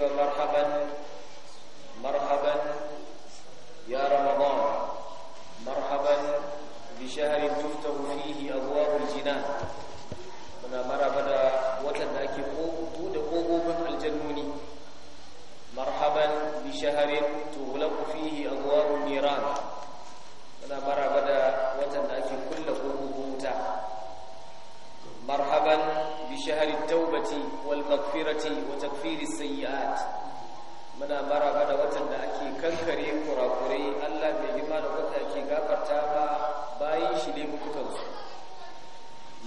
مرحبا المغفرة وتكفير السيئات muna maraba da watan da ake kankare kurakurai Allah mai girma da wanda ake gafarta ba bayin shi ne mutukansu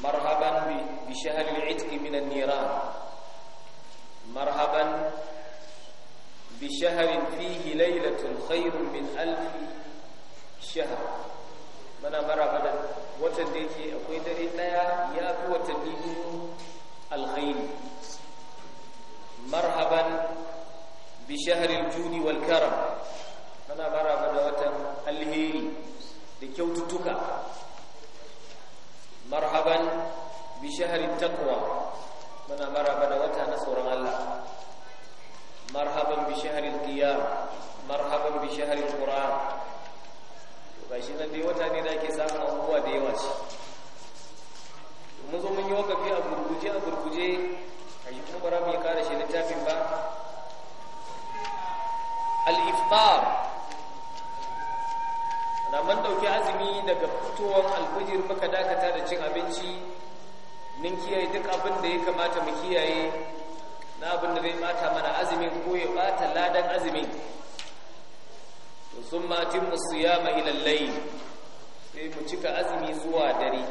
marhaban bi shahr al-itq min an-niran marhaban bi shahr fihi laylatun khairun min alf shahr muna maraba da watan da yake akwai dare daya ya fi watanni dubu alkhairi marhaban bi shahril judi wal karam muna maraba da watan alheri da kyaututtuka marhaban bi shahrin taqwa muna maraba da wata na tsoron Allah marhaban bi shahril qiyam marhaban bi shahril qur'an to gashi nan dai wata ne da ake samun abubuwa da yawa ce kafir muka dakata da cin abinci Mun kiyaye duk abin da ya kamata mu kiyaye na abin da zai bata mana azumin ko ya bata ladan azumin to sun matin musuyama ilallai sai mu cika azumi zuwa dare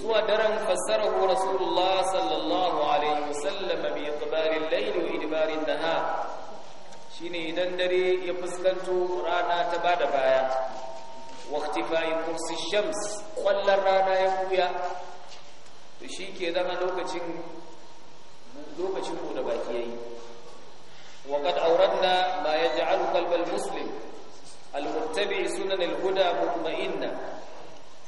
zuwa daren fassarahu rasulullah sallallahu alaihi wasallam bi al layl wa idbarin nahar shine idan dare ya fuskanto rana ta bada baya waqtifai qursi shams qallar rana ya buya to shike dan lokacin lokacin mu da baki yayi wa kad auradna ma yaj'alu kalbal muslim almuttabi sunan alhuda mutma'inna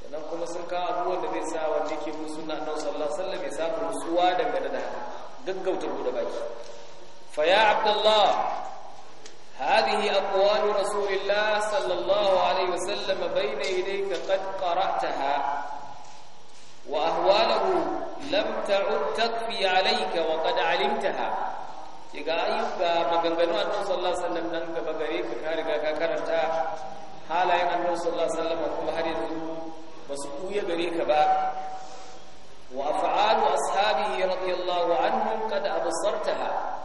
sanan kuma sun ka abuwan da zai sa wanda yake bin sunan annabi sallallahu alaihi wasallam ya samu rusuwa daga da gaggauta da baki fa ya abdullah هذه أقوال رسول الله صلى الله عليه وسلم بين يديك قد قرأتها وأهواله لم تعد تقفي عليك وقد علمتها يقول مغنغنو أنه صلى الله عليه وسلم ننك بغريك كارك كارتا حالا أنه صلى الله عليه وسلم أقول هذه الظلم وسقوية بريك باب وأفعال أصحابه رضي الله عنهم قد أبصرتها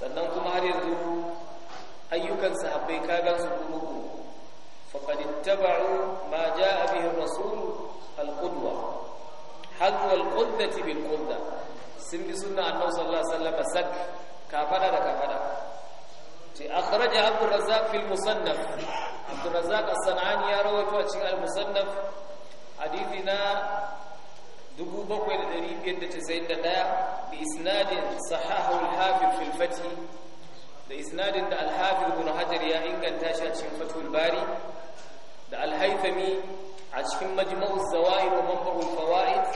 سننك مهر الظلم ayyukan sahabbai ka gansu dubu faqad ittaba'u ma jaa bihi ar-rasul al-qudwa hadwa al-qudwati bil-qudwa sun bi sunna annabi sallallahu alaihi wasallam sak kafada da kafada ce akhraja abdur razzaq fil musannaf abdur razzaq as-sanani ya rawaito a cikin al-musannaf dubu bakwai da da dari biyar hadithi na 7591 bi isnadin sahahu al-hafiz fil fath da isnadin da alhafi ibn hajar ya inganta shi a cikin fatul bari da alhaifami a cikin majma'u zawaid wa manba'ul fawaid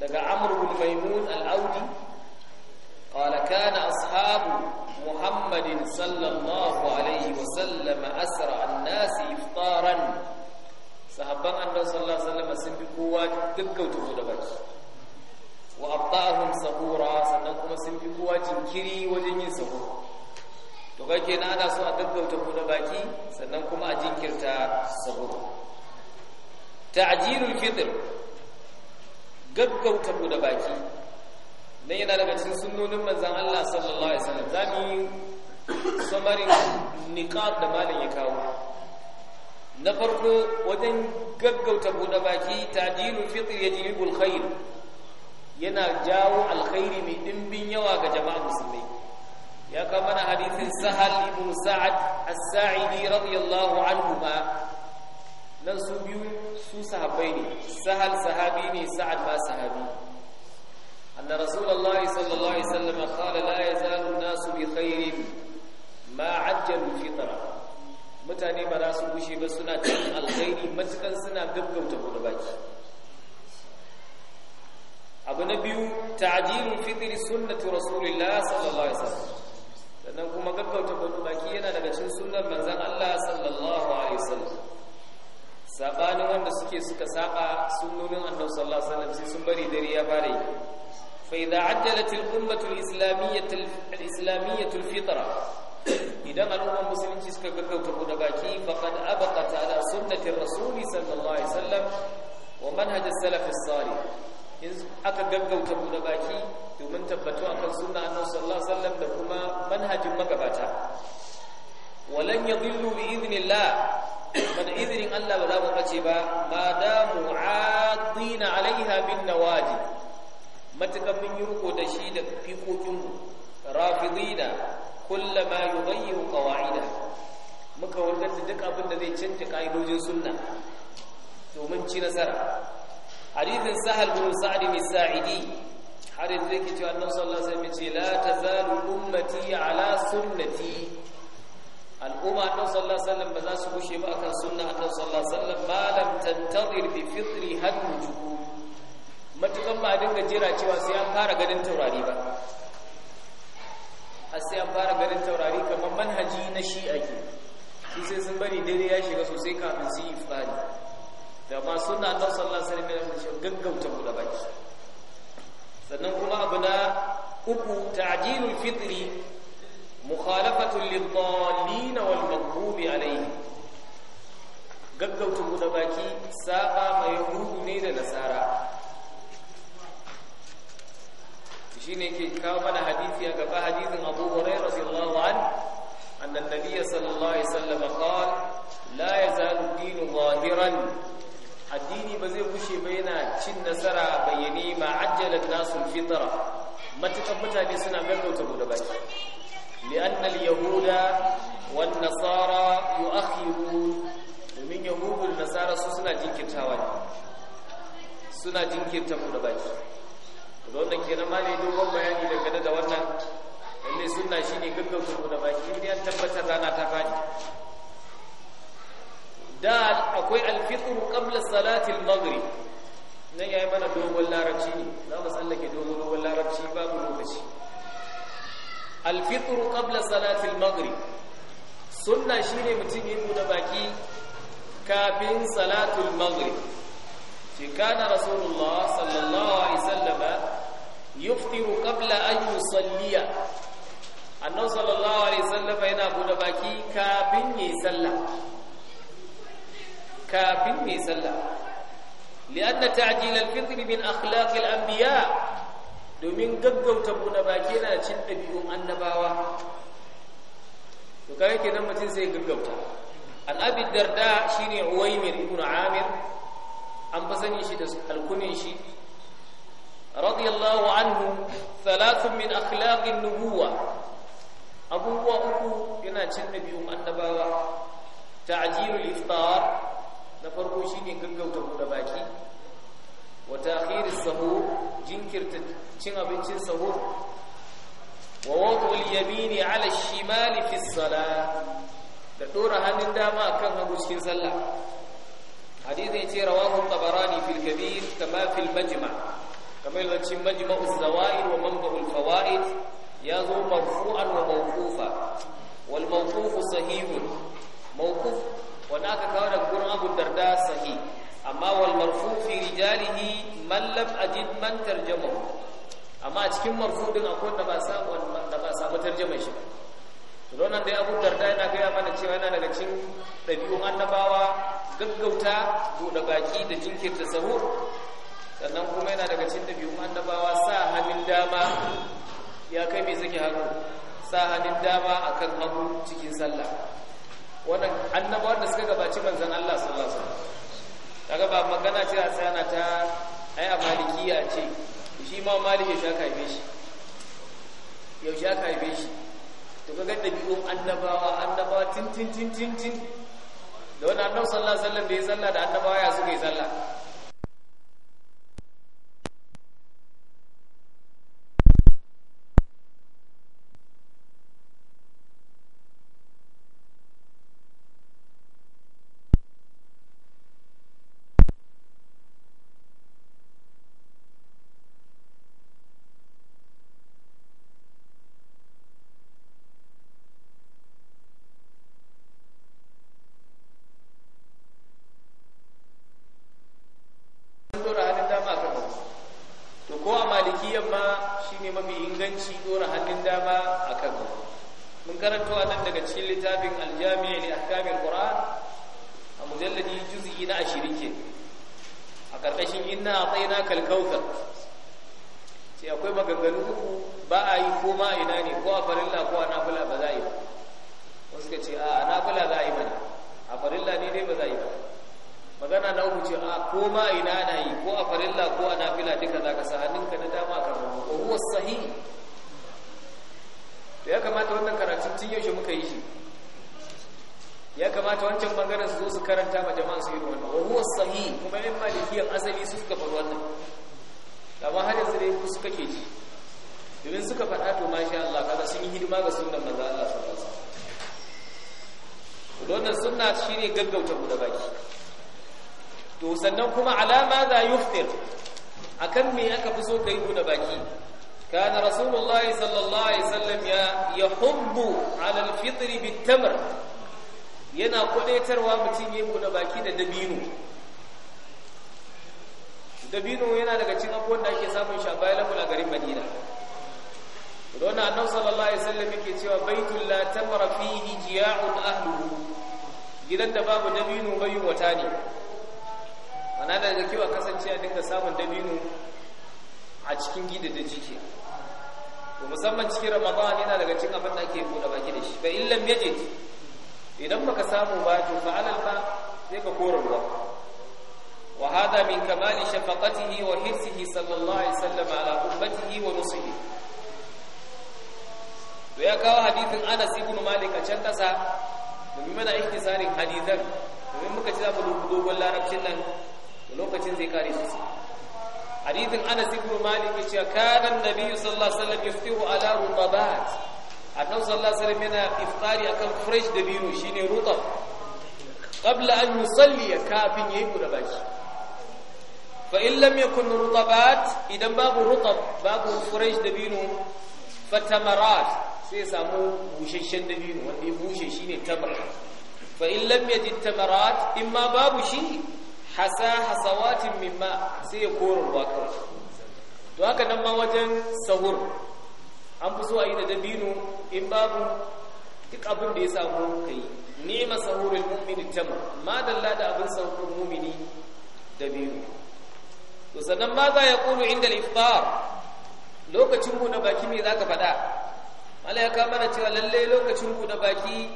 daga amr ibn maimun al-audi qala kana ashabu muhammadin sallallahu alaihi wa sallam asra an-nas iftaran sahabban annabi sallallahu alaihi wasallam sun bi kowa gaggauta su da barci wa abtahum sahura sannan kuma sun bi kowa jinkiri wajen yin sahura to kai kenan ana so a gaggauta buɗe baki sannan kuma a jinkirta sahur ta'jilul fitr gaggauta buɗe baki nan yana daga cikin sunnonin manzon Allah sallallahu alaihi wasallam zamu samarin niqab da malam ya kawo na farko wajen gaggauta buɗe baki ta'jilul fitr yajlibul khair yana jawo alkhairi mai dimbin yawa ga jama'a musulmai ya kawo mana hadisin sahal ibn sa'ad as-sa'idi radiyallahu anhu ma nan su biyu su sahabbai ne sahal sahabi ne sa'ad ba sahabi anna rasulullahi sallallahu alaihi wasallam qala la yazalu an-nasu bi khairin ma ajjalu fitra mutane ba za su gushe ba suna cikin alkhairi matukan suna gaggauta gobe baki abu na biyu ta'jilul fitri sunnatu rasulillah sallallahu alaihi wasallam sannan kuma gaggauta baki yana daga cikin sunnar manzon Allah sallallahu alaihi wasallam sabanin wanda suke suka saba sunnonin annabi sallallahu alaihi wasallam sai sun bari dare ya fara yi fa idza ajjalat al ummatu al islamiyyah al islamiyyah al fitra idan al'ummar musulunci suka gaggauta buɗe baki faqad abaqat ala sunnati rasuli sallallahu alaihi wasallam wa manhaj as-salaf as-salih in aka gaggauta buɗe baki domin tabbatu akan sunna annabi sallallahu alaihi wasallam da kuma manhajin magabata walan yadhillu bi idhnillah man idhnin Allah ba za ku bace ba ma damu adina alaiha bin nawajib matakan mun yi da shi da fikokin mu rafidina kullama yughayyiru qawaida muka warkar da duk abin da zai canja kaidojin sunna domin ci nasara hadithin sahal bin sa'd bin sa'idi har yanzu yake cewa annabi sallallahu alaihi wasallam ce la tazalu ummati ala sunnati al'umma annabi sallallahu alaihi wasallam ba za su gushe ba akan sunna annabi sallallahu alaihi wasallam ma lam tantazir bi fitri hadju matukan ba dinga jira cewa sai an fara ganin taurari ba har sai an fara ganin taurari kamar manhaji na shi'a ke su sai sun bari dare ya shiga sosai kafin su yi fari da ma sunna annabi sallallahu alaihi wasallam gaggauta buɗe baki sannan kuma abu na uku ta'jilul fitri mukhalafatun lid-dallin wal maghdubi alayhi gaggauta buɗe baki saba mai ruhu ne da nasara shine ne ke kawo mana hadisi a gaba hadisin abu hurai radiyallahu an annan nabiya sallallahu alaihi sallam qala la yazalu dinu zahiran addini ba zai bushe ba yana cin nasara bayyane ma ajjalan nasu fitra matukan mutane suna gaggauta buɗe baki li'anna al-yahuda wan nasara yu'akhirun domin yahudul nasara su suna jinkirtawa ne suna jinkirta buɗe baki Da wannan kenan ma ne dogon bayani dangane da wannan lalle sunna shine gaggauta buɗe baki in an tabbatar rana ta salatil maghrib nan yayi mana dogon larabci ne za mu tsallake dogon dogon larabci babu lokaci al-fitr qabla salatil maghrib sunna shine mutum ya buɗe baki kafin salatul maghrib ce kana rasulullah sallallahu alaihi wasallam yuftiru qabla an yusalliya annabi sallallahu alaihi wasallam yana buɗe baki kafin yayi sallah kafin mai sallah li'anna ta'jil al-fitr min akhlaq al-anbiya domin gaggauta buna baki yana cin ɗabi'un annabawa to kai kenan mutum sai gaggauta an abi darda shine uwaymir ibn amir an fasani shi da alkunin shi radiyallahu anhu thalathun min akhlaqin nubuwa abubuwa uku yana cin ɗabi'un annabawa ta'jilul iftar na farko shine gaggauta buɗe baki wa ta'khir as-sahur jinkirta cin abincin sahur wa wad'u al-yamin 'ala ash-shimal fi as-salah da dora hannun dama akan hagu cikin sallah hadisi yace rawahu tabarani fil kabir kama fil majma' kamar yace majma'u az-zawaid wa manba'u al-fawaid yazo marfu'an wa mawqufa wal mawqufu sahihun mawquf wannan aka kawo daga gurin abu darda sahi amma wal marfu fi rijalihi man lam ajid man tarjamahu amma a cikin marfu din akwai wanda ba samu wanda ba samu tarjamar shi to don nan dai abu darda yana ga mana cewa yana daga cikin dabi'un annabawa gaggauta buɗe baki da jinkirta sahu sannan kuma yana daga cikin dabi'un annabawa sa hannun dama ya kai mai zaki hannu sa hannun dama akan hagu cikin sallah wannan annabawan da suka gabaci manzon Allah sallallahu alaihi wasallam daga ba magana ce a tsayana ta ai a malikiya ce shi ma maliki ya shaka haife shi yaushe aka haife shi to kaga dabi'un annabawa annabawa tin tin tin tin da wannan annabi sallallahu alaihi wasallam da ya sallah da annabawa ya suka yi sallah karanto nan daga cikin littafin aljami'a a kamar qur'an a mujalladi juz'i na ashirin ke a karkashin inna atayna na kautsar sai akwai maganganu uku ba a yi ko ma ina ne ko a farilla ko a nafula ba za a yi ba wasu ka ce a nafula za a yi ba ne, a farilla ne dai ba za a yi ba magana na uku ce a ko ma ina na yi ko a farilla ko a nafula duka za ka sa hannunka na dama kan rubu ko huwa sahihi to ya kamata wannan karatun tun yaushe muka yi shi ya kamata wancan bangaren su zo su karanta ma jama'a su irin wannan wa huwa sahih kuma yan malikiyan asali su suka faru wannan amma har yanzu dai ku suka ke ji domin suka faɗa to masha Allah kaga sun yi hidima ga sunnan manzo Allah sallallahu alaihi wasallam wannan sunna shine gaggauta mu da baki to sannan kuma alama za yuftir akan me aka fi so kai mu da baki كان رسول الله صلى الله عليه وسلم يحب على الفطر بالتمر yana kwadaitarwa mutum ya buɗe baki da dabino dabino yana daga cikin abubuwan da ake samun sha bayan lafi a garin madina da annabi sallallahu alaihi wasallam yake cewa baitul la tamra fihi jiya'un ahluhu gidan da babu dabino bai wata ne ana daga kiwa kasance a dinga samun dabino a cikin gidajen jike to musamman cikin ramadan yana daga cikin abin da ake buɗe baki da shi fa in lam yajid idan baka samu ba to fa alal ba sai ka kore ruwa wa hada min kamali shafaqatihi wa hirsihi sallallahu alaihi wasallam ala ummatihi wa nusihi to ya kawo hadithin Anas ibn Malik a can kasa domin mana ihtisarin hadithan domin muka ci za mu dogon larabcin nan lokacin zai kare su hadithin Anas ibn Malik yace kana annabi sallallahu alaihi wasallam yuftihu ala rutabat annabi sallallahu alaihi wasallam yana iftari akan fresh dabino shine rutab qabla an yusalli kafin yayi buɗe baki fa in lam yakun rutabat idan babu rutab babu fresh dabino fatamarat sai samu bushashshen dabino wanda ya bushe shine tamar fa in lam tamarat imma babu shi hasa hasawatin mimma sai ya kora ruwa kawai to haka nan ma wajen sahur an fi zuwa yi da dabino in babu duk abin da ya samu kai nema sahurul mu'mini tamr ma dalla da abin sahurul mu'mini dabino to sannan ma za ya kulu inda al-iftar lokacin na baki me zaka faɗa Allah ya kama da cewa lalle lokacin na baki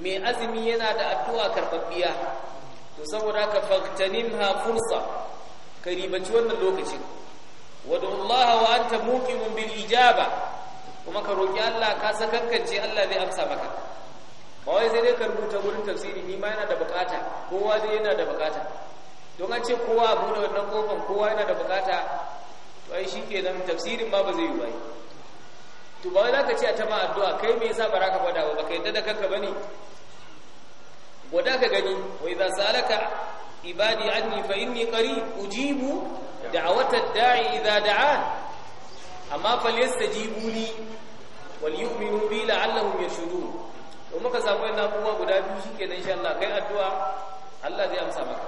mai azumi yana da addu'a karɓaɓɓiya to saboda ka faktanimha fursa ka ribaci wannan lokacin wad'u Allah wa anta muqimun bil ijaba kuma ka roki Allah ka sakankance Allah zai amsa maka ba wai sai dai ka rubuta gurin tafsiri ni ma yana da bukata kowa dai yana da bukata don an ce kowa a bude wannan kofar kowa yana da bukata to ai shikenan tafsirin ma ba zai yi ba to ba wai zaka ce a ta ma addu'a kai me yasa baraka fada ba ka yadda da kanka bane wanda ka gani wa idza salaka ibadi anni fa inni qarib ujibu da'wata da'i idza da'a? amma falyastajibu li wal yu'minu bi la'allahum yashudun to muka samu wannan abubuwa guda biyu shikenan insha Allah kai addu'a Allah zai amsa maka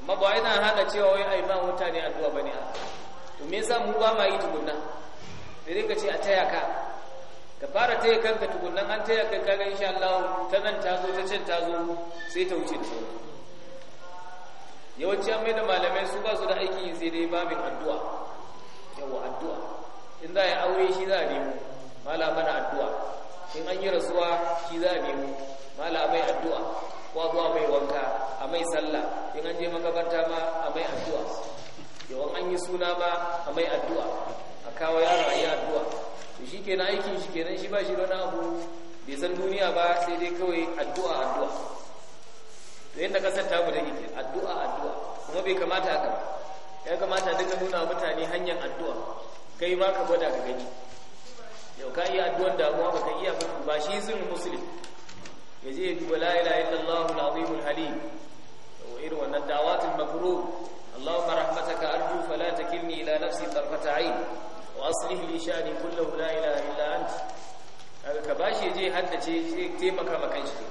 amma ba ina hada cewa wai ai ba mutane addu'a bane to me yasa mu ba ma yi tukunna sai ka ce a taya ka ka fara taya kanka tukunan an taya kai kaga insha Allah ta nan ta zo ta can ta zo sai ta wuce da yawanci an maida malamai su ba su da aiki sai dai babin addu'a yawa addu'a in za a yi aure shi za a nemo mala bana addu'a in an yi rasuwa shi za a nemo mala mai addu'a ko a mai wanka a mai sallah in an je makabarta ma a mai addu'a yawan an yi suna ma a mai addu'a a kawo yaro a yi addu'a shi kenan aikin shi kenan shi ba shi wani abu bai san duniya ba sai dai kawai addu'a addu'a to yadda kasar ta da yake addu'a addu'a kuma bai kamata haka ba ya kamata duka nuna mutane hanyar addu'a kai ma ka gwada ka gani yau ka yi addu'an damuwa ba ka iya ba ba shi sun musulun ya je ya duba la ilaha illallah al-azim al-halim to irin wannan dawatul mabrur اللهم رحمتك أرجو فلا تكلني ila nafsi طرفة wa aslih li sha'ni kullahu la ya illa ka bashi je haddace sai taimaka maka shi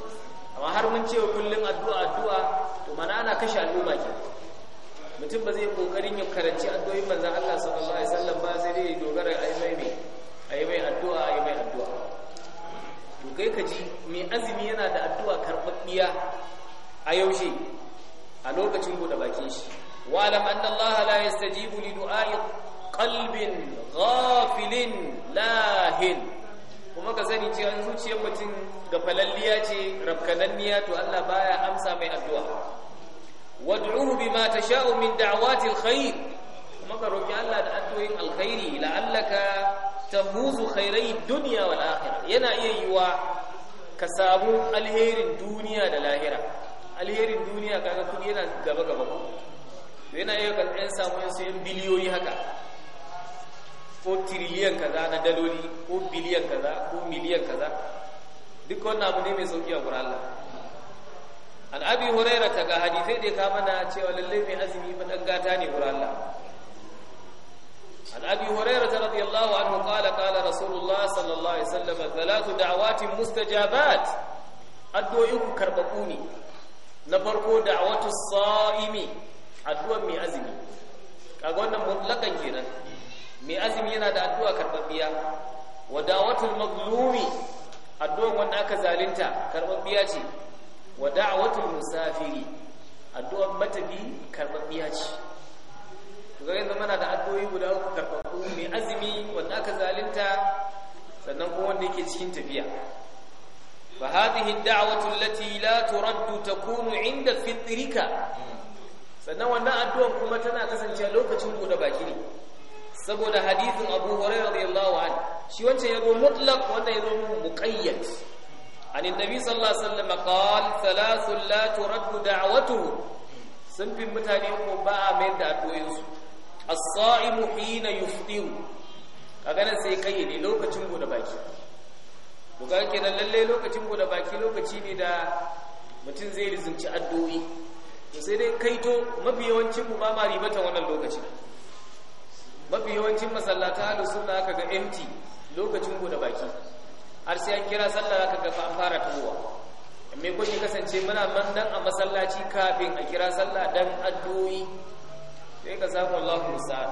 amma har mun cewa kullun addu'a addu'a to mana ana kashe al'umma ke mutum ba zai kokarin ya karanci addu'o'in manzon Allah sallallahu alaihi wasallam ba sai dai dogara ai mai mai ai mai addu'a ai mai addu'a to kai ka ji mai azumi yana da addu'a karbabbiya a yaushe a lokacin buɗe bakin shi wa lam anna Allah la yastajibu li du'a'i qalbin ghafilin lahin kuma ka sani cewa zuciyar mutum da falalliya ce rabkananniya to Allah baya amsa mai addu'a wad'uhu bima tasha'u min da'awati alkhair kuma ka roki Allah da addu'o'in alkhairi la'allaka tamuzu khairai dunya wal akhirah yana iya yiwa ka samu alherin duniya da lahira alherin duniya kaga kudi yana gaba gaba yana iya kan samu yan biliyoyi haka ko tiriliyan kaza na daloli ko biliyan kaza ko miliyan kaza duk wannan abu ne mai sauki a gurin Allah an abi huraira ta ga hadisai da ka mana cewa lalle mai azumi fa dan gata ne gurin Allah an abi huraira ta radiyallahu anhu qala qala rasulullah sallallahu alaihi wasallam thalathu da'awatin mustajabat addu'o'in ku karbabu ne na farko da'watu sa'imi addu'ar mai azumi kaga wannan mutlakan kenan mai azumi yana da addu'a karɓaɓɓiya wa wata mazlumi addu'ar wanda aka zalinta karɓaɓɓiya ce wa da'watul musafiri addu'an matafi karɓaɓɓiya ce ga zama na da addu'o'i guda uku karɓaɓɓu mai azumi wanda aka zalinta, sannan kuma wanda yake cikin tafiya fa hadhihi ad-da'watu la turaddu takunu 'inda fitrika sannan wannan addu'a kuma tana kasancewa lokacin buɗe baki ne saboda hadithin Abu Hurairah radiyallahu an shi wancan yazo mutlak wanda zo muqayyad an annabi sallallahu alaihi wasallam qala thalathun la turaddu da'watuhum sun fi mutane ko ba a mai da addu'o'in su as-sa'imu hina yuftiru kaga nan sai ne lokacin bude baki to ga kenan lalle lokacin bude baki lokaci ne da mutum zai rizinci addu'o'i to sai dai kaito mafi yawancin mu ba ma ribata wannan lokacin mafi yawancin masallata da suna aka ga empty lokacin buɗe baki har sai an kira sallah aka ga an fara tuwa me kuke kasance muna man dan a masallaci kafin a kira sallah dan addu'o'i sai ka samu Allahu sa'ad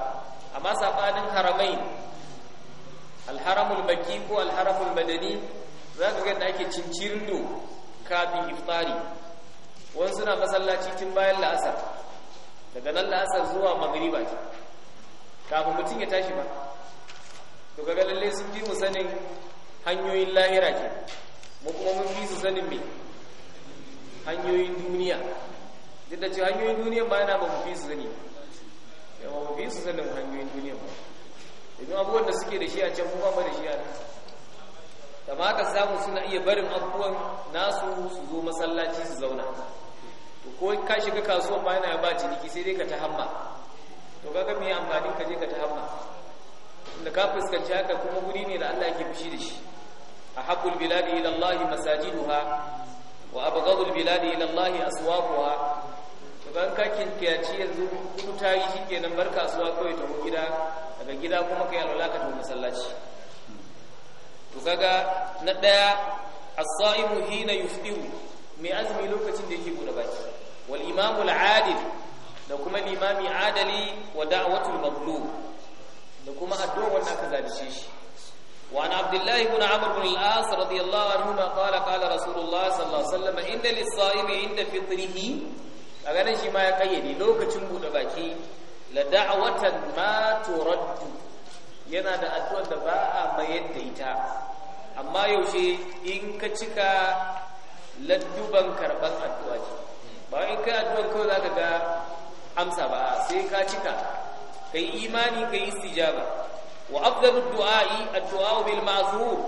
amma sabanin haramai alharamul baki ko alharamul madani zaka ga da ake cincirindo kafin iftari wannan suna masallaci tun bayan la'asar daga nan la'asar zuwa magriba ce kafin mutum ya tashi ba to ga lalle sun fi mu sanin hanyoyin lahira ke mu kuma mun fi su sanin me hanyoyin duniya duk da cewa hanyoyin duniya ba yana ba mu fi su sani yawa mu fi su sanin hanyoyin duniya ba idan abubuwan da suke da shi a can mu ba da shi a nan da ma aka samu suna iya barin abubuwan nasu su zo masallaci su zauna to ko ka shiga kasuwa ba yana ba ciniki sai dai ka ta hamma to kaga mai amfani ka je ka hamma inda ka fuskanci haka kuma guri ne da Allah yake fushi da shi A ahabbul biladi ila Allah masajiduha wa abghadul biladi ila Allah aswaquha to kan ka kinkiyaci yanzu ta yi shikenan barka kasuwa kai ta gida daga gida kuma kai alwala ka ta masallaci to kaga na daya as-sa'imu hina yufdihu mai azumi lokacin da yake bude baki wal imamul adil da kuma limami adali wa da'watul mazlum da kuma addu'a wanda aka zalunce shi wa an abdullahi ibn amr ibn al-as radiyallahu anhu ma qala qala rasulullah sallallahu alaihi wasallam inna lis-sa'imi inda fitrihi kaga nan shi ma ya kayyade lokacin bude baki la da'watan ma turaddu yana da addu'ar da ba a mayar da ita amma yaushe in ka cika ladduban karban addu'a ce ba in kai addu'ar kawai zaka ga amsa ba sai ka cika kai imani kai istijaba wa afdalud du'a'i ad-du'a'u bil ma'zur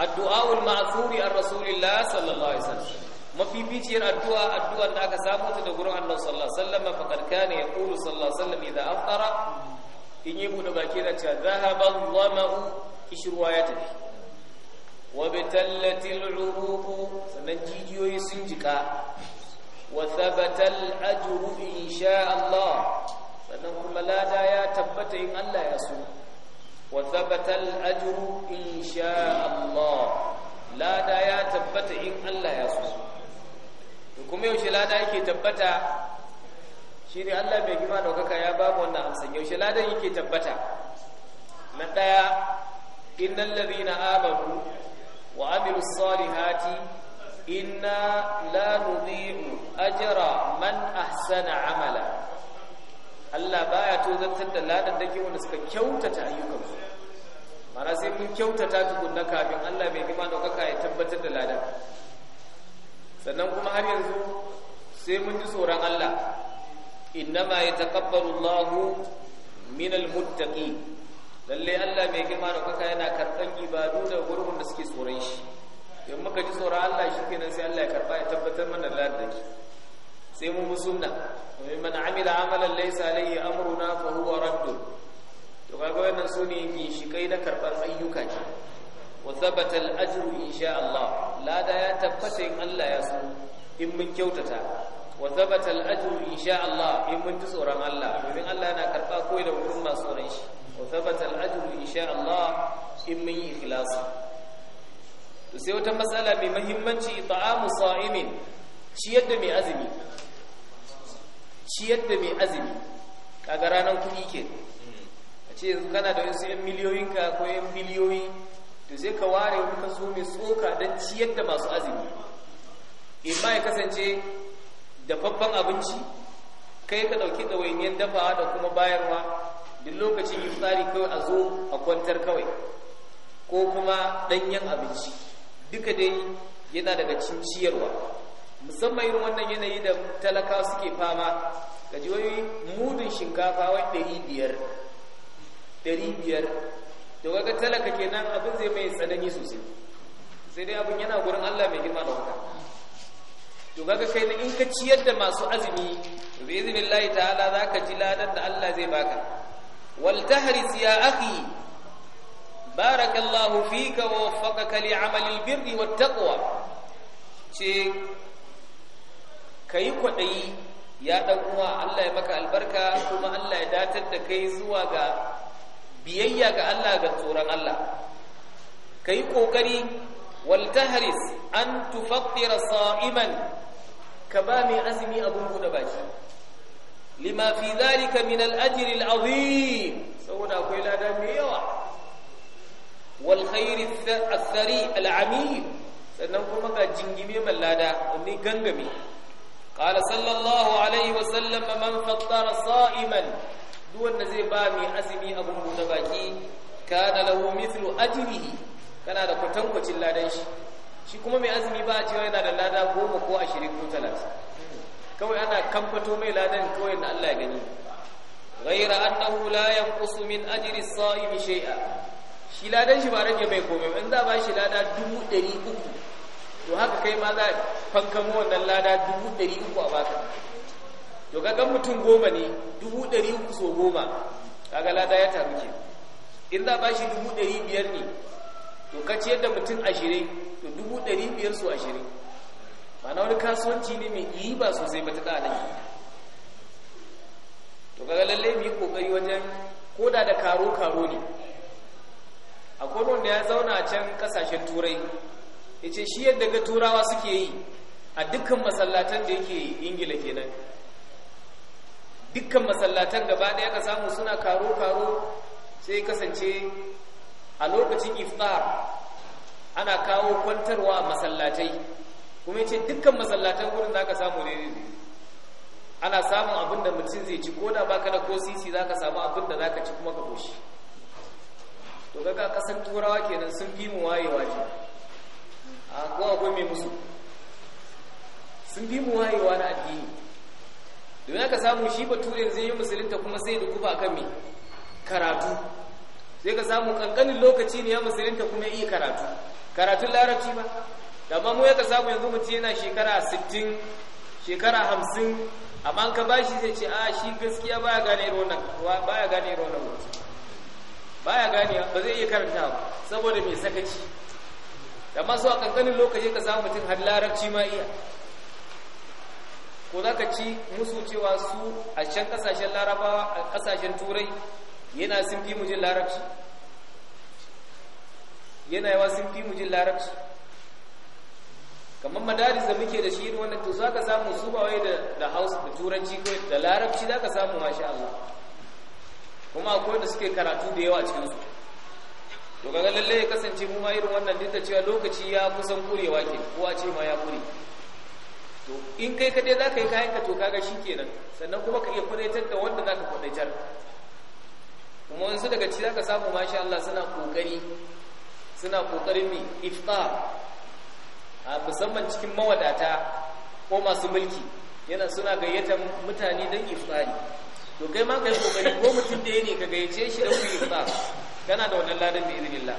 ad-du'a'u al ma'zuri ar rasulillah sallallahu alaihi wasallam mafificiyar addu'a addua da aka samu ta da gurin Allah sallallahu alaihi wasallam faqad kana yaqulu sallallahu alaihi wasallam idza afṭara in yi bude baki da cewa zahaba dhama'u kishruwa ya tafi wa bitallatil uruq sannan jijiyoyi sun jika wa thabatal ajru insha Allah sannan kuma lada ya tabbata in Allah ya so wa thabatal ajru insha Allah lada ya tabbata in Allah ya so kuma yaushe lada yake tabbata shi Allah bai gima daukaka ya ba wannan amsan yaushe ladan yake tabbata na daya innal ladhina amanu wa amilus salihati inna la nudhi'u ajra man ahsana amala Allah baya tozartar da ladan ke wanda suka kyautata ayyukansu mana sai mun kyautata tukuna kafin Allah mai gima daukaka ya tabbatar da ladan sannan kuma har yanzu sai mun ji tsoron Allah Inna ma yataqabbalu Allahu minal muttaqin lalle Allah mai gima daukaka yana karban ibadu da gurbin da suke tsoron shi in muka ji tsoron Allah shi kenan sai Allah ya karɓa ya tabbatar mana ladaki sai mun musunna Wani man amila amalan laysa alayhi amruna fa huwa raddun to kaga wannan sune yake shi na karɓar ayyuka ce wa thabata al ajru insha Allah lada ya tabbata in Allah ya so in mun kyautata wa thabata al ajru insha Allah in mun ji tsoron Allah domin Allah yana karɓa koyi da wurin masu tsoron shi wa thabata al ajru insha Allah in mun yi ikhlasi to sai wata matsala mai mahimmanci ta'amu sa'imin ciyar da mai azumi ciyar da mai azumi kaga ranar kuɗi ke a ce yanzu kana da wasu yan miliyoyin ka ko yan biliyoyi to sai ka ware wani kaso mai tsoka don ciyar da masu azumi in ma ya kasance dafaffen abinci kai ka ɗauki ɗawainiyar dafawa da kuma bayarwa duk lokacin tsari kawai a zo a kwantar kawai ko kuma ɗanyen abinci duka dai yana daga ciyarwa musamman irin wannan yanayi da talaka suke fama ga jiwayoyi mudun shinkafa wa ɗari biyar ɗari biyar da waga talaka kenan abin zai mai tsanani sosai sai dai abin yana gurin allah mai girma da to kaga kai na in ka ciyar da masu azumi bi iznillahi ta'ala zaka ji ladan da allah zai baka wal tahris ya akhi barakallahu fika wa waffaqaka li amalil birri wat taqwa ce kai kwadayi ya dan uwa Allah ya maka albarka kuma Allah ya datar da kai zuwa ga biyayya ga Allah ga tsoron Allah kai kokari wal tahris an tufattira sa'iman ka ba mai azumi abun buɗe baki lima fi zalika min al ajri al azim saboda akwai lada mai yawa wal khairi athari sannan kuma ga jingime lada, wani gangame qala sallallahu alaihi wa sallam man fattara sa'iman duk wanda zai ba mai azumi abun buɗe baki kana lahu mithlu ajrihi kana da kwatankwacin ladan shi shi kuma mai azumi ba a cewa yana da lada goma ko ashirin ko talatin kawai ana kamfato mai ladan kawai na Allah gani ghaira annahu la yanqusu min ajri as-sa'imi shi ladan shi ba rage mai komai in za ba shi lada dubu ɗari uku to haka kai ma za fankamo wannan lada dubu ɗari uku a baka to kaga mutum goma ne dubu ɗari uku so goma kaga lada ya taru ke in za ba shi dubu ɗari biyar ne to ka ciyar da mutum ashirin to dubu ɗari biyar so ashirin ma'ana wani kasuwanci ne mai yi ba sosai ɗa nan to kaga lallai mu yi ƙoƙari wajen ko da da karo-karo ne wani wanda ya zauna a can kasashen turai ya ce shi yadda ga turawa suke yi a dukkan masallatan da yake ingila kenan dukkan masallatan gaba daya ka samu suna karo-karo sai kasance a lokacin iftar ana kawo kwantarwa a masallatai kuma ce dukkan masallatan wurin za ka samu ne ana samun abin da mutum zai ci ko da baka da ko sisi za ka samu abin da za ka ci kuma ka koshi. to kaga kasar turawa kenan sun fi mu wayewa ce a ko akwai mai musu sun fi mu wayewa na addini domin aka samu shi bature zai yi musulunta kuma sai da kufa kan mai karatu sai ka samu kankanin lokaci ne ya musulunta kuma ya iya karatu karatun larabci ba amma mu ya ka samu yanzu mutum yana shekara 60 shekara 50 amma ka bashi zai ce a ah, shi gaskiya baya gane irin wannan baya gane irin wannan baya gane ba zai iya karanta ba saboda mai sakaci da masu a kankanin lokaci ka samu mutum har larabci ma iya ko za ka ci musu cewa su a can kasashen larabawa a kasashen turai yana sun fi mujin larabci yana yawa sun fi mujin larabci kamar madaris da muke da shi yin wannan to za ka samu su bawai da hausa da turanci ko da larabci za ka samu masha Allah kuma akwai wanda suke karatu da yawa cikin su to kaga lalle ya kasance mu ma irin wannan dinta cewa lokaci ya kusan kurewa ke kowa ce ma ya kure to in kai kadai za ka yi kayan ka to kaga shi kenan sannan kuma ka iya kwadaitar da wanda za ka kwadaitar kuma wasu daga ci za ka samu masha Allah suna kokari suna kokarin mi iftar a musamman cikin mawadata ko masu mulki yana suna gayyatar mutane don iftari to kai ma kai kokari ko mutum da ne ka gayyace shi da kuyi ba kana da wannan ladan da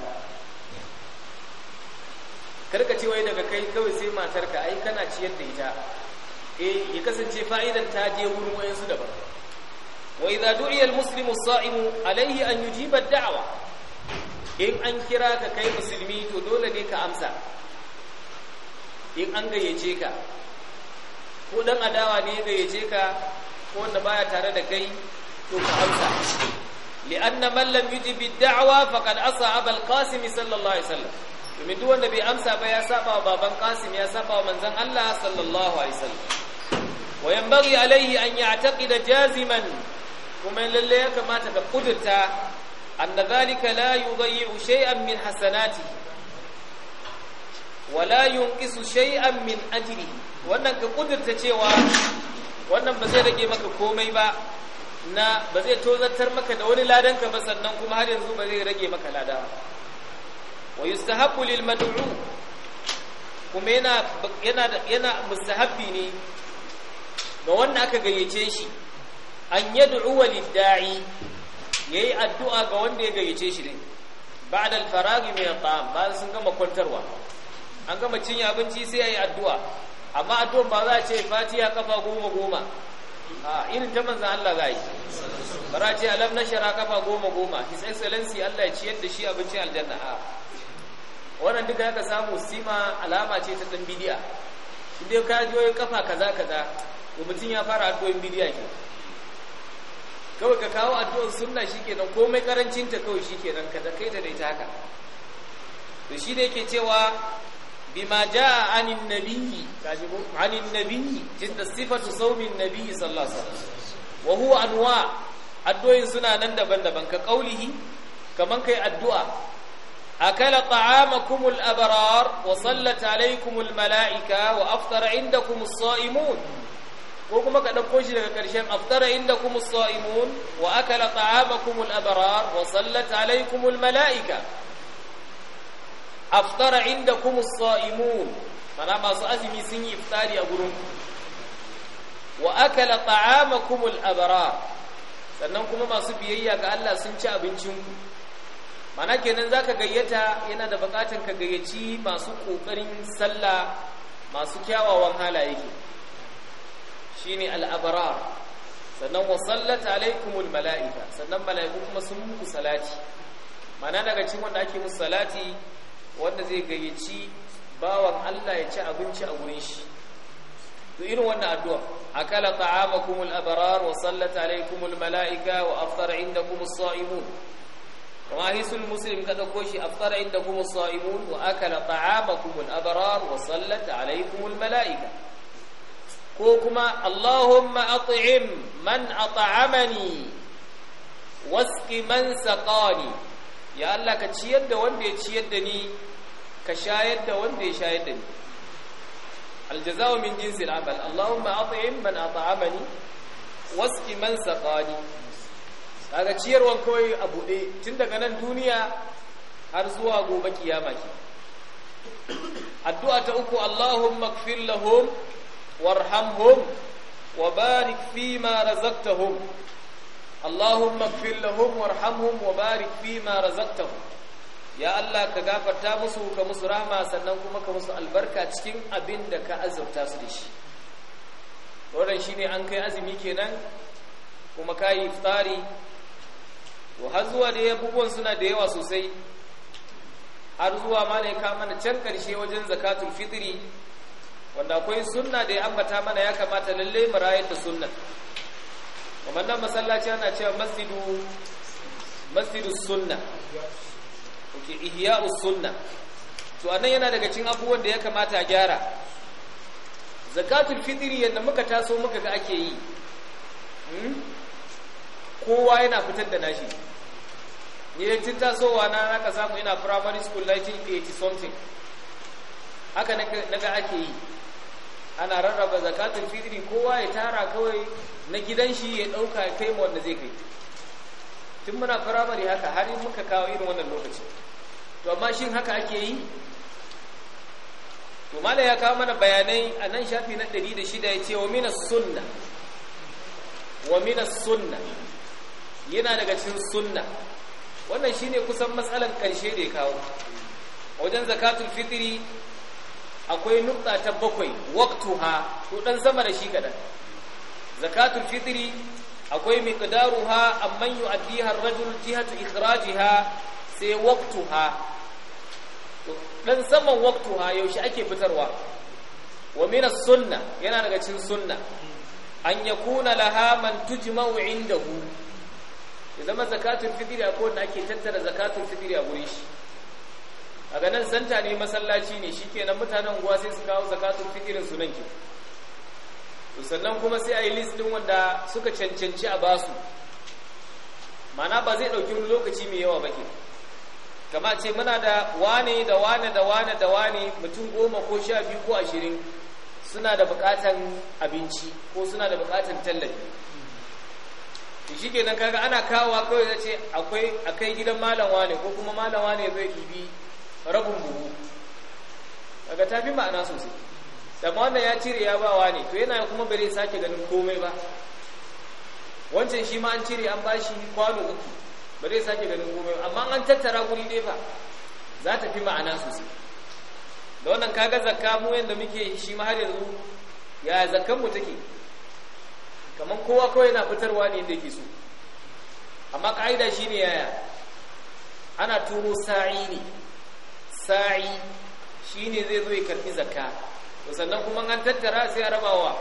Kar karka ce wai daga kai kawai sai matarka ai kana ciyar da ita eh ya kasance fa'idan ta je wurin wayansu daban wa idza du'iya almuslimu as-sa'imu alayhi an yujiba ad in an kira ka kai musulmi to dole ne ka amsa in an gayyace ka ko dan adawa ne ya gayyace ka ko wanda baya tare da kai to ka amsa li'anna man lam yujibi da'wa faqad asa abal qasim sallallahu alaihi wasallam domin duk wanda bai amsa ba ya saba wa baban qasim ya saba wa manzon Allah sallallahu alaihi wasallam wa yanbaghi alaihi an ya'taqida jaziman kuma lalle ya kamata ka kudurta anna dhalika la yudayyi'u shay'an min Wa la yunqisu shay'an min ajrihi wannan ka kudurta cewa wannan ba zai rage maka komai ba na ba zai tozartar maka da wani ladanka ba sannan kuma har yanzu ba zai rage maka lada wa yustahabbu lil mad'u kuma yana yana yana mustahabbi ne ga wanda aka gayyace shi an yad'u lid da'i yayi addu'a ga wanda ya gayyace shi ne. ba'da al faragh min at ba sun gama kwantarwa an gama cin abinci sai yayi addu'a amma addu'an ba za a ce fatiha kafa goma goma a irin ta manzan Allah za a yi bara ce alam na shara kafa goma goma his excellency Allah ya ciyar da shi abincin aljanna a wannan duka ya ka samu sima alama ce ta ɗan bidiya shi dai ka ji kafa kaza kaza to mutum ya fara addu'o'in bidiya ke kawai ka kawo addu'ar sunna shi nan komai karancinta kawai shi nan ka kai ta dai ta haka to shi da yake cewa bima jaa anin nabiyyi kaji ko anin nabiyyi tinda sifatu sawmin nabiyyi sallallahu alaihi wasallam wa huwa anwa addu'o'in suna nan daban-daban ka qaulihi kaman kai addu'a akala ta'amakumul abrar wa sallat alaykumul malaika wa aftara indakumus sa'imun ko kuma ka dauko shi daga karshen aftara indakumus sa'imun wa akala ta'amakumul abrar wa sallat alaykumul malaika aftara inda kuma saimun mana masu azumi sun yi iftari a gurin wa akala ta'amakum kuma al'abara. sannan kuma masu biyayya ga Allah sun ci abincin ku mana kenan za ka gayyata yana da bukatun ka gayyaci masu ƙoƙarin sallah masu kyawawan halaye Shi shine al sannan wa sallata alaikumul mala'ika sannan mala'iku kuma sun muku salati mana daga cikin wanda ake musu salati wanda zai gayyaci bawan Allah ya ci abinci a gurin shi to irin wannan addu'a akala ta'amakumul abrar wa sallat alaykumul malaika wa aftara indakumus sa'imun kama hisul muslim kada ko shi aftara indakumus sa'imun wa akala ta'amakumul abrar wa sallat alaykumul malaika ko kuma Allahumma at'im man at'amani waski man saqani ya Allah ka ciyar da wanda ya ciyar da ni ka shayar da wanda ya shayar da ni aljaza'u min jinsil amal Allahumma at'im man at'amani waski man saqani kaga ciyarwan kawai a buɗe tun daga nan duniya har zuwa gobe kiyama ke addu'a ta uku Allahumma ighfir lahum warhamhum wa barik fima razaqtahum Allahumma ighfir lahum warhamhum wa barik fima razaqtahum ya Allah ka gafarta musu ka musu rahma sannan kuma ka musu albarka cikin abin da ka azurta su da shi wannan shine an kai azumi kenan kuma kai iftari wa har zuwa da bugun suna da yawa sosai har zuwa ma ka mana can karshe wajen zakatul fitri wanda akwai sunna da ya ambata mana ya kamata lalle mu rayar da sunnan kamar nan masallaci ana cewa masjidu masjidu sunna okay ihya'u sunna to anan yana daga cikin abubuwan da ya kamata a gyara zakatul fitri yadda muka taso muka ga ake yi hmm? kowa yana fitar da nashi ni dai tun tasowa na naka samu ina primary school 1980 something haka naga ake yi ana rarraba zakatun fitri kowa ya tara kawai na gidan shi ya dauka ya kai wanda zai kai tun muna firamare haka har muka kawo irin wannan lokaci to amma shin haka ake yi to mala ya kawo mana bayanai a nan shafi na 106 ya ce wa minas sunna wa minas sunna yana daga cin sunna wannan shine kusan matsalar karshe da ya kawo wajen zakatun fitiri. akwai nukta ta bakwai waqtuha to dan sama da shi kadan zakatul fitri akwai miqdaruha amman yu'addiha ar-rajul jihatu ikhrajiha sai waqtuha dan saman waqtuha yaushe ake fitarwa wa min as-sunna yana daga cikin sunna an yakuna laha man tujma'u indahu zama zakatul fitri akwai wanda ake tattara zakatul fitri a gurin shi a nan santa ne masallaci ne shi kenan mutanen guwa sai su kawo zakatun fitrin su nan ki sannan kuma sai a yi listin wanda suka cancanci a basu mana ba zai ɗauki wani lokaci mai yawa ba ke kama ce muna da wane da wane da wane da wane mutum goma ko sha biyu ko ashirin suna da bukatan abinci ko suna da bukatan tallafi to shi kenan kaga ana kawowa kawai zace akwai akai gidan malam wane ko kuma malam wane zai ibi rabin buhu daga ta ma'ana sosai amma wannan ya cire ya bawa ne to yana kuma bare sake ganin komai ba wancan shi ma an cire an bashi kwano uku bari sake ganin komai amma an tattara guri ne fa za ta fi ma'ana sosai da wannan kaga zakka mu yanda muke shi ma har yanzu ya zakkan mu take kamar kowa kawai yana fitarwa ne yadda yake so amma ka'ida ne yaya ana turo sa'i ne sa'i shi ne zai zo ya karbi zakka to sannan kuma an tattara sai a rabawa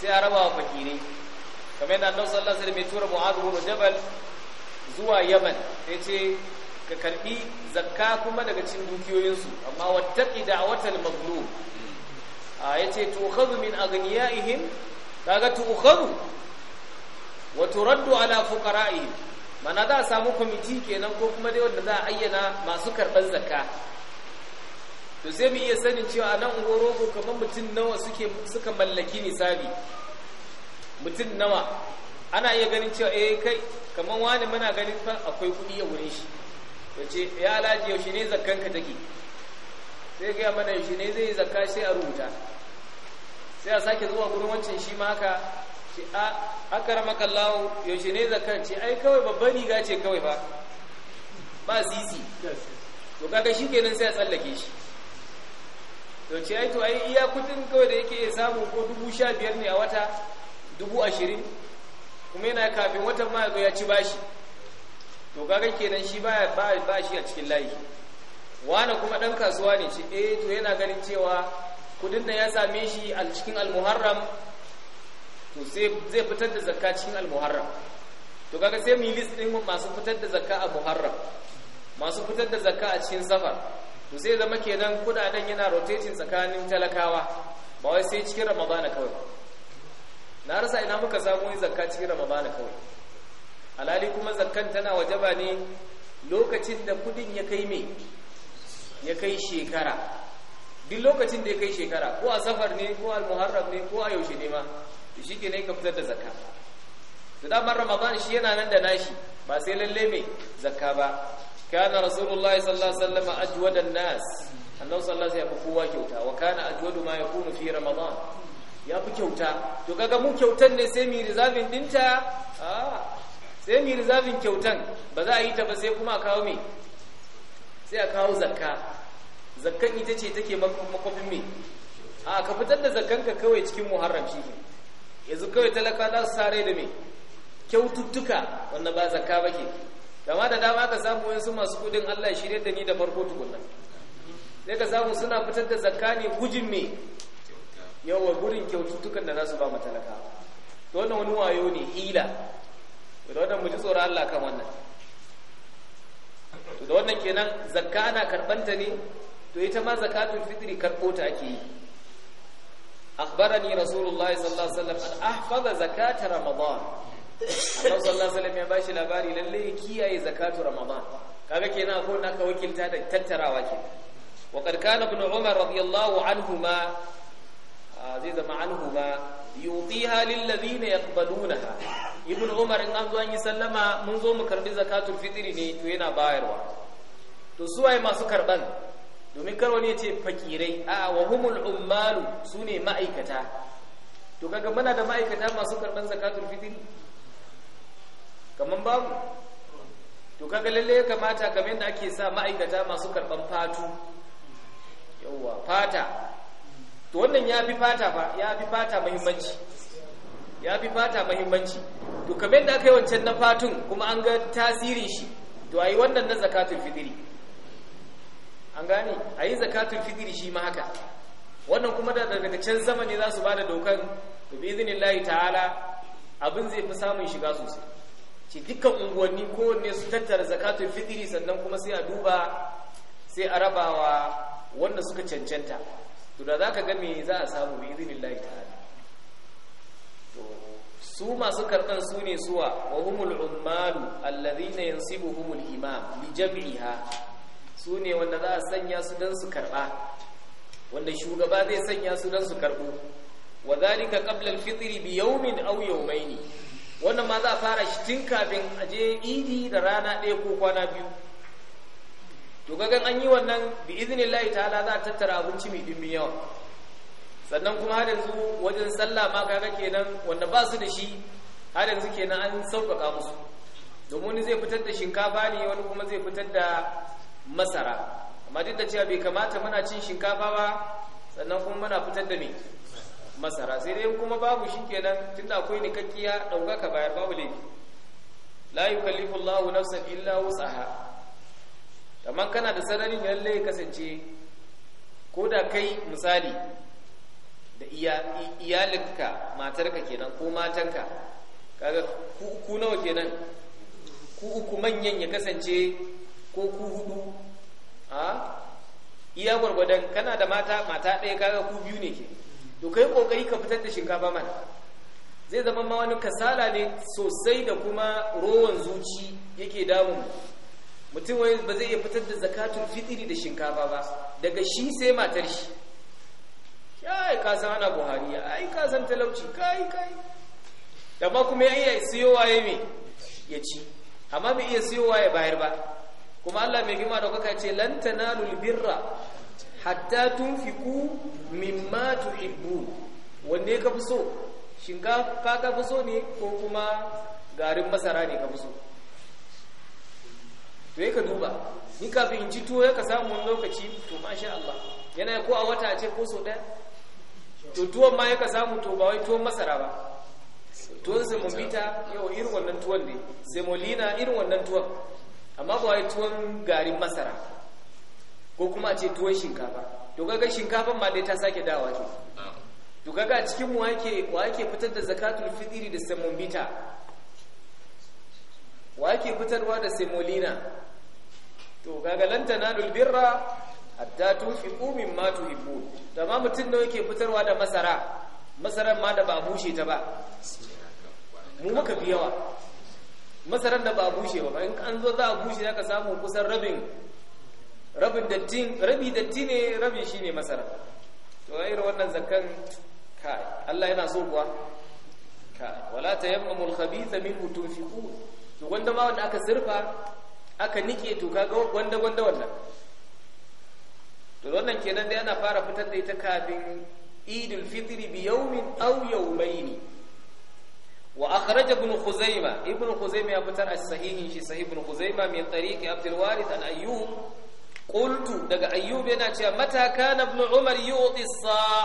sai a rabawa fakirai kamar yadda annabi sallallahu alaihi wasallam ya tura Mu'adh ibn Jabal zuwa Yaman ce ka karbi zakka kuma daga cikin dukiyoyinsu amma wattaqi da'watal maghlub a yace tukhadhu min aghniyaihim kaga tukhadhu wa turaddu ala fuqara'ihim mana za a samu kwamiti kenan ko kuma dai wanda za a ayyana masu karɓar zakka to sai mu iya sanin cewa a nan rogo kamar mutum nawa suka mallaki nisabi mutum nawa ana iya ganin cewa eh kai kamar wani muna ganin fa akwai kuɗi a wurin shi to ce ya alaji yaushe ne zakkanka take sai ga mana yaushe ne zai zakka sai a rubuta sai a sake zuwa gurin wancan shi ma haka ce a akaramaka lawo yaushe ne zakar ce ai kawai babban riga ce kawai ba ba sisi to kaga shi kenan sai a tsallake shi to ce ai to ai iya kudin kawai da yake samu ko dubu sha biyar ne a wata dubu ashirin kuma yana kafin watan ma ya ci bashi to kaga kenan shi baya ba shi a cikin layi wani kuma dan kasuwa ne ce eh to yana ganin cewa kudin da ya same shi a cikin al-muharram to sai zai fitar da zakka cikin al-muharram to kaga sai mu yi list din masu fitar da zakka a muharram masu fitar da zakka a cikin safar to sai zama kenan kudaden yana rotating tsakanin talakawa ba wai sai cikin ramadana kawai na rasa ina muka samu zakka cikin ramadana kawai alali kuma zakkan tana wajaba ne lokacin da kudin ya kai me ya kai shekara duk lokacin da ya kai shekara ko a safar ne ko al-muharram ne ko a yaushe ne ma shi ke ne ka fitar da zakka da damar ramadan shi yana nan da nashi ba sai lalle mai zakka ba kana rasulullahi sallallahu alaihi wasallam ajwadan nas annabi sallallahu alaihi wasallam kowa kyauta wa kana ajwadu ma yakunu fi ramadan ya fi kyauta to kaga mu kyautan ne sai mu yi reserving dinta ah, sai mu yi kyautan ba za a yi ta ba sai kuma a kawo mai sai a kawo zakka zakkan ita ce take makwafin mai a ah, ka fitar da zakkanka kawai cikin muharram shi ne yanzu kawai talaka za su sare da mai kyaututtuka wanda ba zaka ba ke da dama ka samu wasu masu kudin Allah shirya da ni da farko tukunna sai ka samu suna fitar da zakka ne gujin mai yawa gurin kyaututtukan da za su ba mu talaka to wannan wani wayo ne hila da wannan mu ji tsoron Allah kan wannan to da wannan kenan zakka ana karbanta ne to ita ma zakatul fitri karɓo ta ake yi akhbarani rasulullahi sallallahu alaihi wasallam an ahfaza zakata sallallahu alaihi ya bashi labari lalle kiyaye zakatu ramadan kaga kenan ko na ka wakilta da tattarawa ke wa qad kana ibn umar radiyallahu anhuma zai zama anhuma yutiha lil ladina yaqbalunaha ibn umar in an zo an yi sallama mun zo mu karbi zakatul fitri ne to yana bayarwa to suwaye masu karban domin kar wani ya ce fakirai a wa humul su ne ma'aikata to kaga muna da ma'aikata masu karɓar zakatul fitri kaman babu to kaga lalle ya kamata kamar yadda ake sa ma'aikata masu karɓar fatu yawwa fata to wannan ya fi fata fa ya fi fata muhimmanci ya fi fata muhimmanci to kamar yadda aka yi wancan na fatun kuma an ga tasirin shi to ayi wannan na zakatul fitri an gane a yi zakatun fitiri shi ma haka wannan kuma da daga can zama ne za su bada dokan da bizinin layi ta'ala abin zai fi samun shiga sosai ce dukkan unguwanni kowanne su tattara zakatun fitiri sannan kuma sai a duba sai a rabawa wanda suka cancanta to da za ka ga me za a samu bizinin layi ta'ala su masu karɓar su ne suwa wa humul ummalu allazina yansibuhumul imam li jam'iha su ne wanda za a sanya su don su karɓa wanda shugaba zai sanya su don su karɓo wa zalika qabla al-fitri bi yawmin aw yawmayn wannan ma za a fara shi tun kafin a je idi da rana ɗaya ko kwana biyu to ga an yi wannan bi iznillahi ta'ala za a tattara abinci mai dimbin yawa sannan kuma har yanzu wajen sallah ma kaga kenan wanda ba su da shi har yanzu kenan an sauƙaƙa musu domin zai fitar da shinkafa ne wani kuma zai fitar da masara amma duk da cewa bai kamata muna cin shinkafa ba sannan kuma muna fitar da me masara sai dai kuma babu shikenan tunda akwai nikakkiya dauka ka bayar babu laifi la yukallifu Allahu nafsan illa wus'aha kamar kana da sararin lalle kasance ko da kai misali da iyalinka matarka kenan ko matanka kaga ku nawa kenan ku uku manyan ya kasance ko ku hudu a iya gwargwadon kana da mata mata ɗaya kaga ku biyu ne ke to kai kokari ka fitar da shinkafa mana zai zama ma wani kasala ne sosai da kuma rowan zuci yake damun mutum wani ba zai iya fitar da zakatun fitiri da shinkafa ba daga shi sai matar shi kai ka san ana buhari ai ka san talauci kai kai da ba kuma ya iya siyo waye me ya ci amma bai iya siyo waye bayar ba kuma Allah mai girma da kuka ce lan tanalul birra hatta tunfiku mimma tuhibbu wanne ka fi so shinkafa ka fi so ne ko kuma garin masara ne ka fi so to ka duba ni kafin in ci tuwo ya ka samu wani lokaci to masha Allah yana ko a wata ce ko so ɗaya to tuwon ma ya ka samu to ba wai tuwon masara ba tuwon semolita yau irin wannan tuwon ne semolina irin wannan tuwon amma ba wai tuwon garin masara ko kuma a ce tuwon shinkafa to kaga shinkafan ma dai ta sake dawa ke to kaga a cikin mu wake wake fitar da zakatul fitri da wa wake fitarwa da semolina to kaga lan tanalul birra hatta tunfiqu mimma tuhibbun to ma mutun ne yake fitarwa da masara masaran ma da ba bushe ta ba mu muka fi yawa masarar da ba a bushe ba in an zo za a bushe za ka samu kusan rabin rabin datti rabi datti ne rabi shi ne masara to irin wannan zakan kai Allah yana so kuwa kai wala tayammamul khabitha min tunfiqu to wanda ma wanda aka sirfa aka nike to kaga wanda wanda wannan to wannan kenan dai ana fara fitar da ita kafin idul fitri bi yawmin aw yawmayni wa akhraj ibn khuzaima ibn khuzaima ya fitar a sahihin shi sahih ibn khuzaima min tariq abdul warith al ayyub daga ayyub yana cewa mata kana ibn umar yu'ti sa'a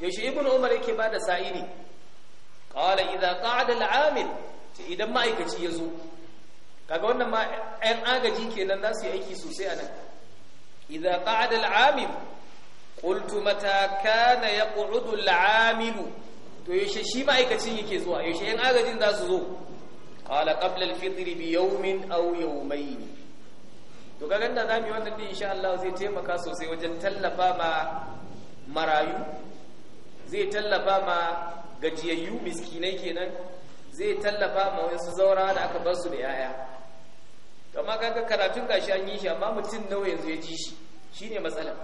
yashi ibn umar yake bada sa'i ne qala idha qa'ada idan ma'aikaci yazo kaga wannan ma ayan agaji kenan zasu yi aiki sosai anan idha qa'ada al amil qultu mata kana yaq'udu to yaushe shi ma'aikacin yake zuwa yaushe yan agajin za su zo qala qabla al-fitr bi yawmin aw yawmayn to kagan da zamu wannan din insha Allah zai taimaka sosai wajen tallafa ma marayu zai tallafa ma gajiyayyu miskinai kenan zai tallafa ma wasu zaura da aka bar su da yaya kamar kaga karatun gashi an yi shi amma mutum nawa yanzu ya ji shi shine matsalar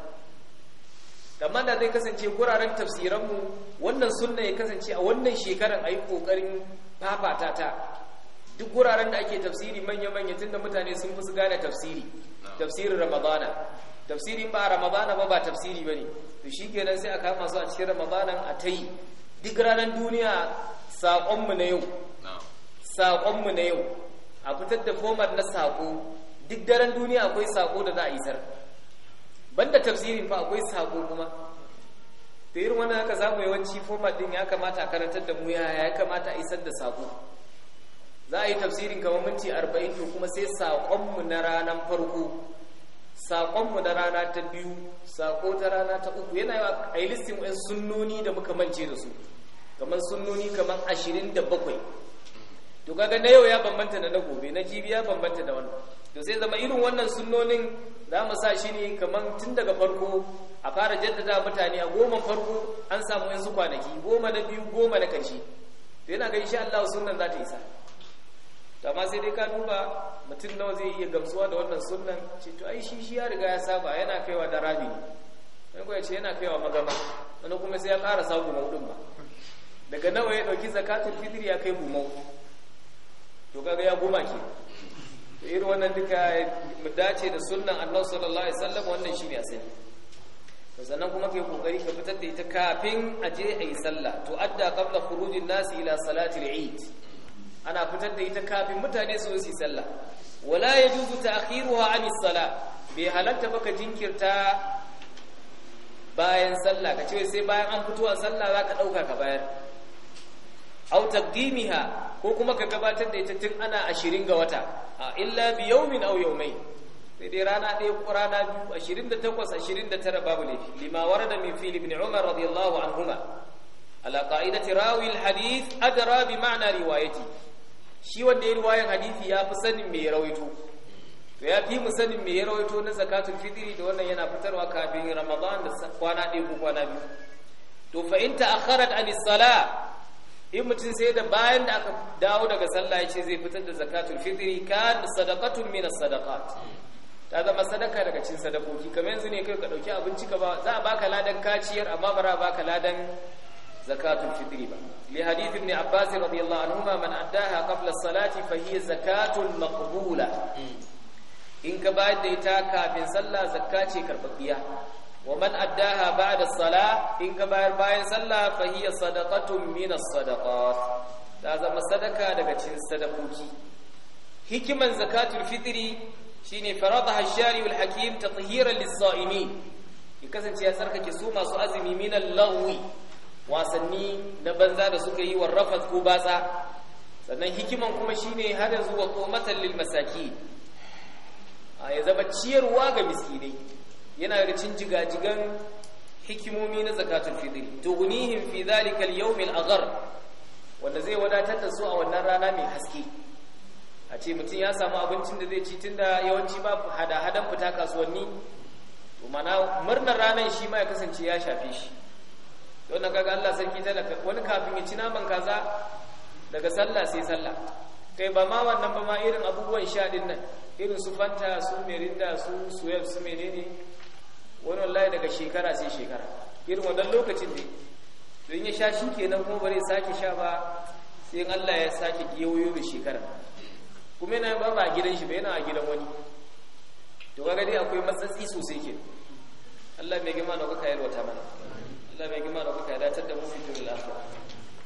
amma da zai kasance guraren tafsiranmu wannan sunna ya kasance a wannan shekarar a yi ƙoƙarin fafata ta duk guraren da ake tafsiri manya-manya tun da mutane sun fi su gane tafsiri tafsirin ramadana tafsirin ba a ramadana ba ba tafsiri ba ne to shi kenan sai a kama su a cikin ramadana a ta yi duk ranar duniya saƙonmu na yau saƙonmu na yau a fitar da fomar na saƙo duk daren duniya akwai saƙo da za a isar banda tafsirin fa akwai sako kuma da irin wannan haka zamu yawanci format din ya kamata a karantar da mu ya ya kamata a isar da sako za a yi tafsirin kamar minti arba'in to kuma sai sakonmu na ranar farko sakonmu na rana ta biyu sako ta rana ta uku yana a yi listin wa'in sunnoni da muka mance da su kamar sunnoni kamar bakwai. to kaga na yau ya bambanta da na gobe na jibi ya bambanta da wannan to sai zama irin wannan sunnonin za mu sa shi ne kamar tun daga farko a fara jaddada mutane a goma farko an samu yanzu kwanaki goma na biyu goma na ƙarshe to yana ga insha Allah sunnan za ta isa to amma sai dai ka duba mutum nawa zai iya gamsuwa da wannan sunnan ce to ai shi shi ya riga ya saba yana kaiwa da rabi wani kuma ce yana kaiwa magama wani kuma sai ya ƙara sa gumau hudun ba daga nawa ya ɗauki zakatul fitiri ya kai gumau to kaga ya goma ke to irin wannan duka mu dace da sunnan Allah sallallahu alaihi wasallam wannan shine asali to sannan kuma kai kokari ka fitar da ita kafin a je ayi sallah to adda qabla khurujin nas ila salati al-eid ana fitar da ita kafin mutane su yi sallah wala yajuzu ta'khiruha an as-salah bai halatta baka jinkirta bayan sallah ka ce sai bayan an fito a sallah zaka dauka ka bayar aw taqdimiha ko kuma ka gabatar da ita tun ana ashirin ga wata illa bi yawmin aw yawmayn sai dai rana ɗaya ko rana biyu 28 29 babu ne. lima warada min fi ibn umar radiyallahu anhuma ala qa'idati rawi alhadith adra bi ma'na riwayati shi wanda ya riwayan hadisi ya fi sanin me rawaito to ya fi mu sanin me rawaito na zakatul fitri da wannan yana fitarwa kafin ramadan da kwana ɗaya ko kwana biyu to fa in ta'akhkharat an salah in mutum sai da bayan da aka dawo daga sallah ya ce zai fitar da zakatul fitri ka sadaqatun min as-sadaqat ta zama sadaka daga cikin sadakoki kamar yanzu ne kai ka dauki abinci ka ba za a baka ladan kaciyar amma a baka ladan zakatul fitri ba li hadith ibn abbas radiyallahu ma man addaha qabla as-salati fa hiya zakatul maqbula hmm. in ka bayar da ita kafin sallah zakka ce karbabiya wa man addaha da sala in ka bayar bayan sallah fa sadakatun sadaqatun min ta zama sadaka daga cikin sadakoki hikiman zakatul Fitiri shine faradaha ash-shari'ul hakim tathiran lis-sa'imin Ki kasance ya sarkake su masu azumi min al wasanni na banza da suka yi warrafat ko batsa sannan hikiman kuma shine hada zuwa ko lil masaki ya zama ciyarwa ga miskinai yana da jiga jigajigan hikimomi na zakatul To tughnihim fi dhalika al-yawm al-aghar wanda zai wadatar da su a wannan rana mai haske a ce mutum ya samu abincin da zai ci tunda yawanci ba hada-hadan fita kasuwanni to mana murnar ranar shi ma ya kasance ya shafe shi wannan kaga Allah sarki talaka wani kafin ya ci naman kaza daga sallah sai sallah kai ba ma wannan ba ma irin abubuwan sha din nan irin su fanta su merinda su suwef su menene wani wallahi daga shekara sai shekara irin wadannan lokacin ne don ya sha shi kenan kuma bare sake sha ba sai in Allah ya sake giyoyo da shekara kuma yana ba a gidan shi ba yana a gidan wani to kaga dai akwai matsatsi sosai ke Allah mai gima da kuka yarwata mana Allah mai gima da kuka yadatar da mu fi jin lafiya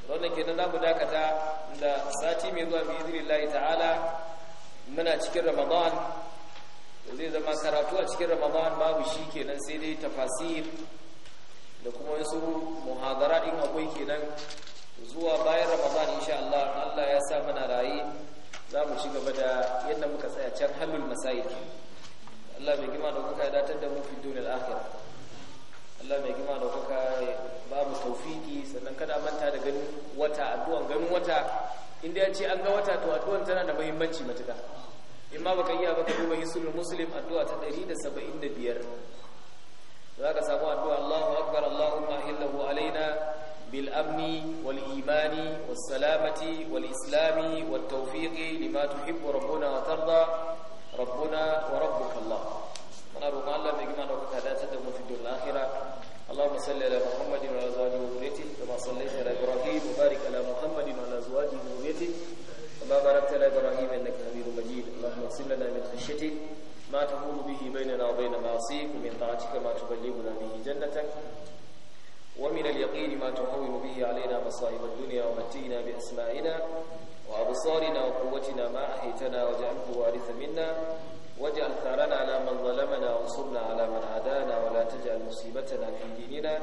wannan kenan za mu dakata da sati mai zuwa bi idrillahi ta'ala muna cikin Ramadan zai zama karatu a cikin ramadan babu shi kenan sai dai tafasir da kuma wasu muhadara din akwai kenan zuwa bayan ramadan insha Allah Allah ya sa mana rayi za mu ci gaba da yadda muka tsaya can halul masail Allah mai gima da kuka datar da mu fi dunil akhirah Allah mai gima da kuka ba mu tawfiki sannan kada manta da ganin wata addu'an ganin wata inda ya ce an ga wata to addu'an tana da muhimmanci matuƙa in ma baka iya baka duba hisul muslim addu'a ta 175 za ka samu addu'a Allahu akbar Allahumma hillahu alaina bil amni wal imani was salamati wal islami wat tawfiqi lima tuhibbu rabbuna wa tarda rabbuna wa rabbuka Allah kana roƙon Allah mai gima da kuka dace da mu fi dunya akhirah اللهم صل على محمد وعلى ازواجه وذريته كما صليت على ابراهيم وبارك على محمد وعلى ازواجه وذريته كما باركت على ابراهيم انك shitin ma ta huru bihi bai na nawai na masu yi kuma ta cika ma tuballe guda bihi jannatan wamin al-yaqini ma ta hawi mu bihi alaina masaibat duniya wa matina bi asma'ina wa absarina wa quwwatina ma ahaytana wa ja'alhu waritha minna waj'al tharana ala man zalamana wa sunna ala man adana wa la taj'al musibatana fi dinina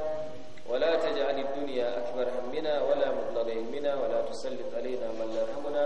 ولا تجعل الدنيا أكبر همنا ولا مبلغ علمنا ولا تسلط علينا من لا همنا